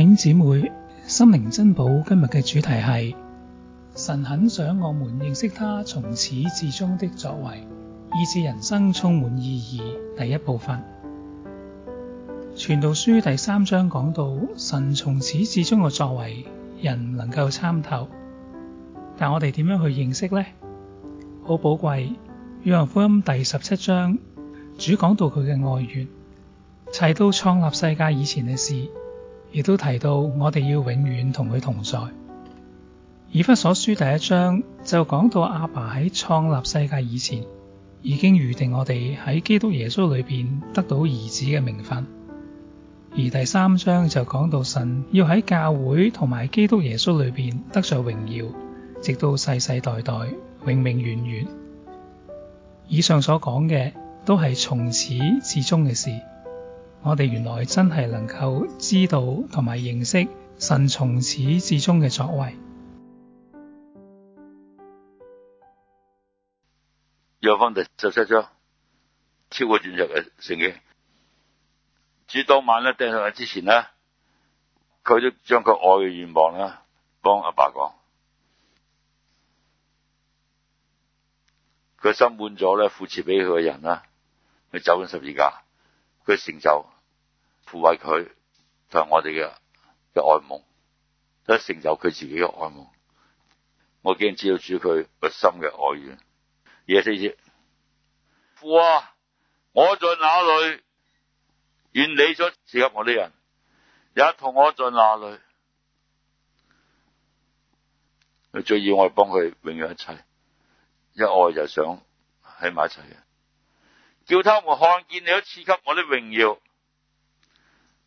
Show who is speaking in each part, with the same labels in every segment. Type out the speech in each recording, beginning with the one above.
Speaker 1: 姐姊姊妹，心靈珍寶，今日嘅主題係神很想我們認識他從始至終的作為，以致人生充滿意義。第一部分，傳道書第三章講到神從始至終嘅作為，人不能夠參透，但我哋點樣去認識呢？好寶貴，約翰福音第十七章主講到佢嘅愛願提到創立世界以前嘅事。亦都提到，我哋要永遠同佢同在。以弗所書第一章就講到阿爸喺創立世界以前，已經預定我哋喺基督耶穌裏邊得到兒子嘅名分。而第三章就講到神要喺教會同埋基督耶穌裏邊得上榮耀，直到世世代代代，永永遠遠。以上所講嘅都係從始至終嘅事。我哋原來真係能夠知道同埋認識神從始至終嘅作為。
Speaker 2: 約翰福音第十七章，超過鑽石嘅聖經。至於當晚咧，釘上去之前咧，佢都將佢愛嘅願望啦，幫阿爸，爸講。佢心滿咗咧，父賜俾佢嘅人啦，佢走咗十字架。佢成就，扶慰佢，就係我哋嘅嘅愛夢，得成就佢自己嘅愛夢。我竟然知照住佢個心嘅愛願。廿四節，父啊，我在哪裏？願你所賜給我啲人也同我在哪裏？最要我幫佢，永遠一齊，一愛就想喺埋一齊嘅。叫他們看見你所賜給我的榮耀，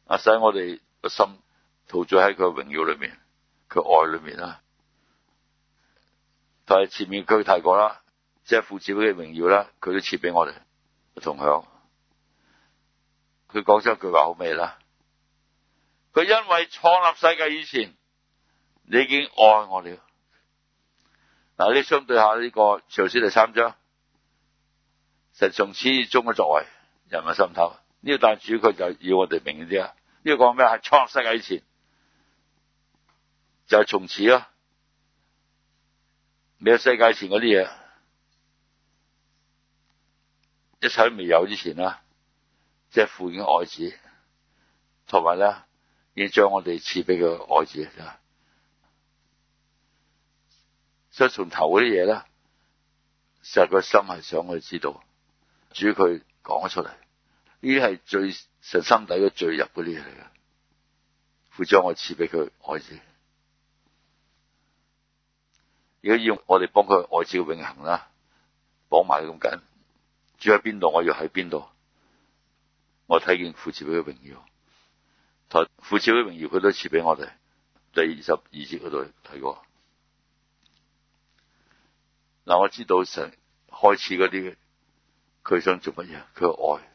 Speaker 2: 啊，使我哋個心陶醉喺佢嘅榮耀裏面，佢愛裏面啦。但係前面佢提過啦，即係父子嘅榮耀啦，佢都賜俾我哋同享。佢講咗一句話好美啦，佢因為創立世界以前，你已經愛我了。嗱，你相對下呢、這個創世記第三章。實從始終嘅作為，人嘅心頭呢個但係主要就要我哋明啲啦。呢、這個講咩？係創世界以前，就係、是、從此咯。未有世界以前嗰啲嘢，一切都未有之前啦，即、就、係、是、父與愛子，同埋咧已經將我哋賜俾佢嘅愛子。所以從頭嗰啲嘢咧，實個心係想我哋知道。主佢講咗出嚟，呢啲係最神心底嘅最入嗰啲嘢嚟嘅，父將我賜俾佢愛子，如果要我哋幫佢愛子嘅永恒啦，綁埋咁緊，主喺邊度我要喺邊度，我睇見父賜俾嘅榮耀，父賜俾嘅榮耀佢都賜俾我哋，第二十二節嗰度睇過，嗱，我知道神開始嗰啲。佢想做乜嘢？佢愛，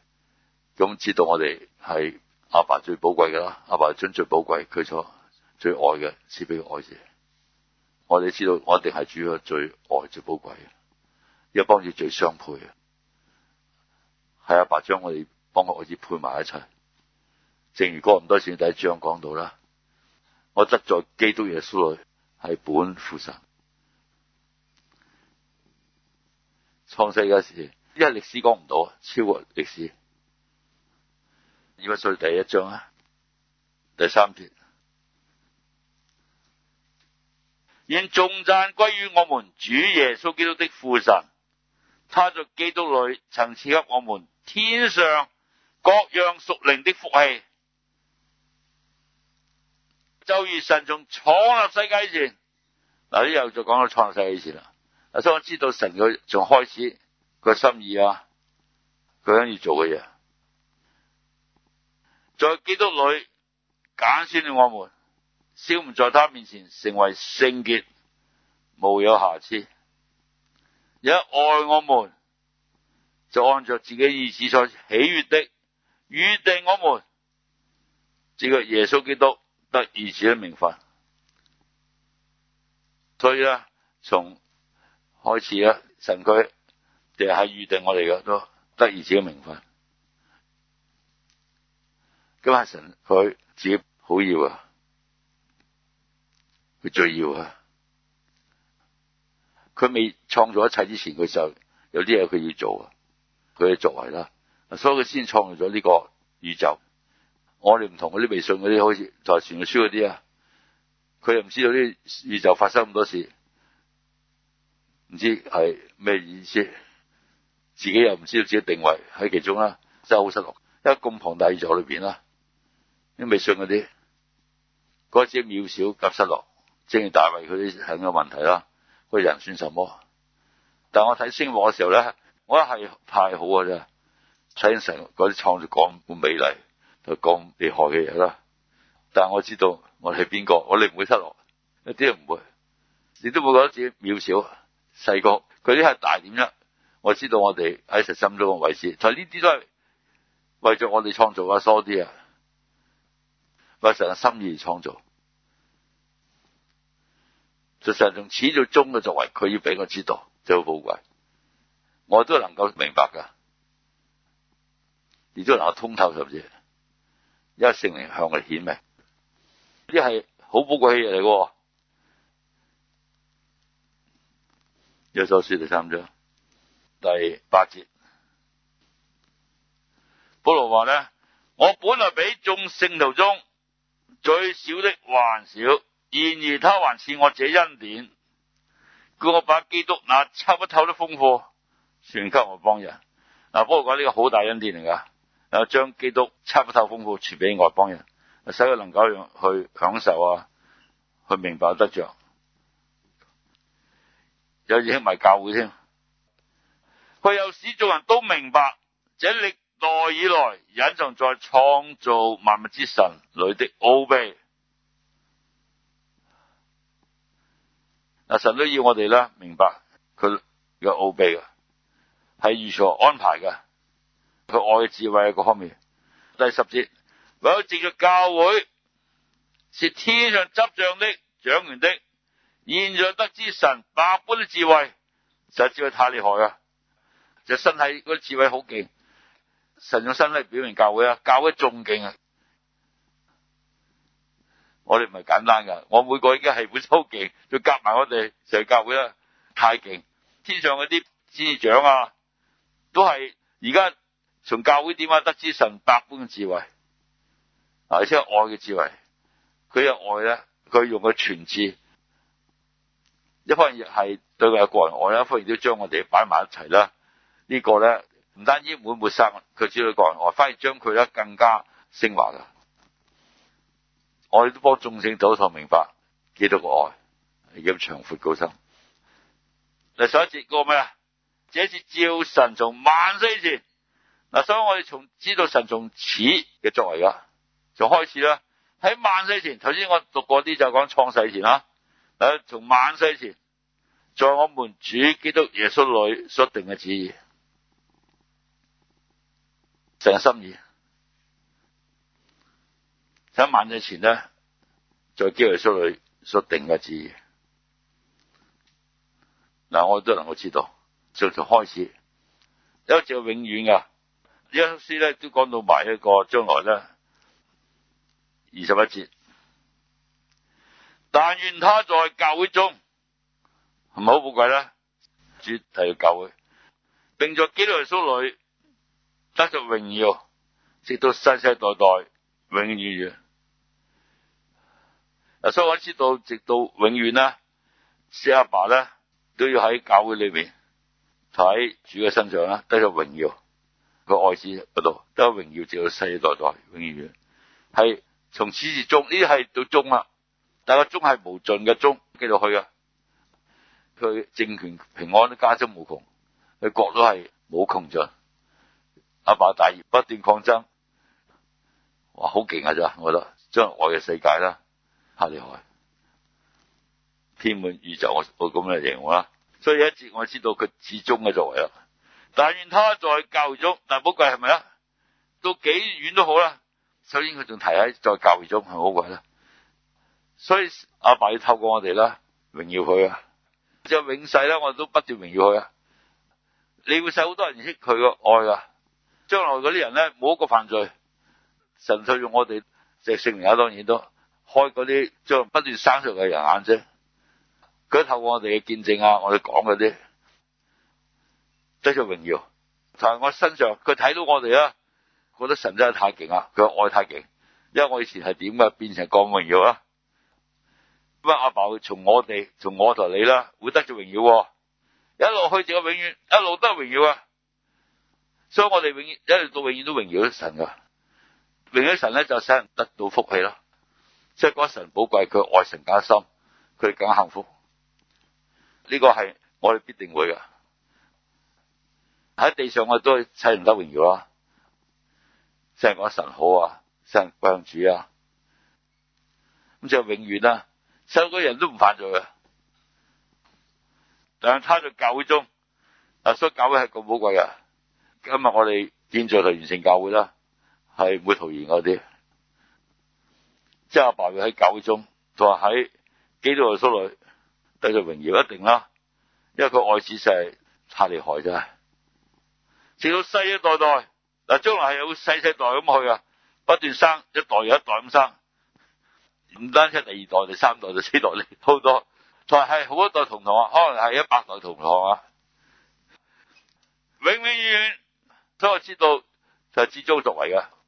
Speaker 2: 咁知道我哋係阿爸最寶貴嘅啦。阿爸將最寶貴、佢所最愛嘅賜俾愛子。我哋知道我一定係主要最愛、最寶貴嘅，一為幫主最相配嘅，係阿爸將我哋幫我兒子配埋一齊。正如過咁多第一章講到啦，我執在基督耶穌裏係本父神創世嘅時候。即係歷史講唔到，超過歷史。要個要第一章啊？第三段願頌讚歸於我們主耶穌基督的父神，他在基督裏曾賜給我們天上各樣屬靈的福氣。就如神從創立世界前嗱，呢又再講到創世界前啦。所以我知道神佢仲開始。佢心意啊！佢想要做嘅嘢，在基督裡揀選了我們，使我們在他面前成為聖潔，無有瑕疵。一愛我們，就按照自己意旨所喜悅的預定我們，藉着耶穌基督得兒子的名分。所以呢，從開始啊，神佢。就係預定我哋嘅，都得兒子嘅名分。咁阿神佢自己好要啊，佢最要啊。佢未創造一切之前，佢就有啲嘢佢要做啊，佢嘅作為啦。所以佢先創造咗呢個宇宙。我哋唔同嗰啲迷信嗰啲，好似就傳説書嗰啲啊，佢又唔知道啲宇宙發生咁多事，唔知係咩意思。自己又唔知道自己定位喺其中啦，真係好失落。因為咁龐大宇宙裏面啦，你未信嗰啲嗰啲渺小夾失落，正大衞佢啲係嘅問題啦。個人算什麼？但我睇星火嘅時候咧，我一係派好嘅啫。睇成嗰啲創造咁美麗、咁厲害嘅嘢啦。但我知道我係邊個，我哋唔會失落，一啲都唔會。你都冇覺得自己渺小、細個，佢啲係大點啦。我知道我哋喺神心中嘅位置，就呢啲都係為咗我哋創造嘅。多啲啊，為神嘅心意而創造。其實從始至終嘅作為，佢要俾我知道，真好寶貴。我都能夠明白噶，亦都能夠通透是不是，甚至先？一聖靈向嚟顯明，呢係好寶貴嘅嘢嚟嘅。有首說：第三章。第八節，保羅話呢：我本來比眾聖徒中最小的還小，然而他還賜我這恩典，叫我把基督那測不透的豐富傳給外邦人。嗱，不過講呢個好大恩典嚟噶，啊，將基督測不透豐富傳俾外邦人，使佢能夠去享受啊，去明白得着。有嘢興埋教會添。佢有使眾人都明白，這歷代以來隱藏在創造萬物之神裡的奧秘。嗱，神都要我哋咧明白佢嘅奧秘嘅，係如何安排嘅，佢愛智慧喺嗰方面。第十節，為咗藉着教會，是天上執政的、掌權的，現在得知神百般的智慧，實在智慧太厲害啊！就身體啲智慧好勁，神用身體表現教會啊！教會仲勁啊！我哋唔係簡單噶，我每個已經係本好勁，就夾埋我哋上教會啦，太勁！天上嗰啲師長啊，都係而家從教會點啊得知神百般嘅智慧啊，而且係愛嘅智慧。佢有愛咧，佢用個全智，一方面係對佢有個人愛啦，一方面都將我哋擺埋一齊啦。這個、呢個咧唔單止唔會抹殺佢主嘅個人愛，我反而將佢咧更加升華啊！我哋都幫眾聖徒同明白基督愛，愛，係咁長闊高深。嗱，上一節講咩啊？上一節照神從萬世前嗱，所以我哋從知道神從始嘅作為啦，就開始啦。喺萬世前，頭先我讀過啲就講創世前啦。嗱，從萬世前，在我們主基督耶穌裡所定嘅旨意。成個心意喺萬世以前咧，在基督耶穌裡所定嘅旨意，嗱，我都能夠知道，從從開始，一直永遠噶。呢一通詩咧，都講到埋一個將來啦，二十一節，但願他在教會中唔係好寶貴啦，主要係教會，並在基督耶穌裡。得着榮耀，直到世世代代，永永遠遠。嗱，所以我知道，直到永遠啦，四阿爸咧都要喺教會裡面，喺主嘅身上啦，得着榮耀，個愛子嗰度，得着榮耀，直到世世代代，永永遠遠。係從始至終，呢啲係到終啦。但係個終係無盡嘅終，繼續去啊。佢政權平安都加增無窮，佢國都係冇窮盡。阿爸，爸大業不斷擴增，哇，好勁啊！咋我覺得將愛嘅世界啦，吓厲害，填滿宇宙我，我我咁樣形容啦。所以一節我知道佢始終嘅作為啦。但願他在教會中，但寶貴係咪啊？到幾遠都好啦。首先佢仲提喺在，在教會中，係好貴啦。所以阿爸，爸要透過我哋啦，榮耀佢啊！就永世啦，我哋都不斷榮耀佢啊！你會使好多人益佢個愛噶。將來嗰啲人咧，冇一個犯罪，純粹用我哋隻性命啊，當然都開嗰啲將不斷生出嘅人眼啫。佢透過我哋嘅見證啊，我哋講嗰啲得咗榮耀，但係我身上，佢睇到我哋啊，覺得神真係太勁啊，佢愛太勁，因為我以前係點嘅，變成咁得着榮耀啦，咁阿爸會從我哋，從我同你啦，會得咗榮耀，一路去就永遠，一路得榮耀啊！所以我哋永遠一直到永遠都榮耀啲神噶，榮耀啲神咧就使人得到福氣啦。即係講神寶貴，佢愛神更深，佢更加幸福。呢個係我哋必定會噶。喺地上我都使唔得榮耀啦，只係講神好啊，神君主啊。咁就永遠啊，所有嘅人都唔犯罪啊，但係佢喺教會中。嗱，所以教會係咁寶貴噶。今日我哋建造同完成教會啦，係唔會徒然嗰啲。即係阿爸佢喺教會中，同埋喺基督耶穌裡得着榮耀，一定啦。因為佢愛子勢太厲害，真係。直到世世代代，嗱將來係有細細代咁去啊，不斷生一代又一代咁生，唔單止第二代、第三代第四代，好多，同埋係好一代同堂啊，可能係一百代同堂啊，永永遠遠。所以我知道就係自作為嚟嘅。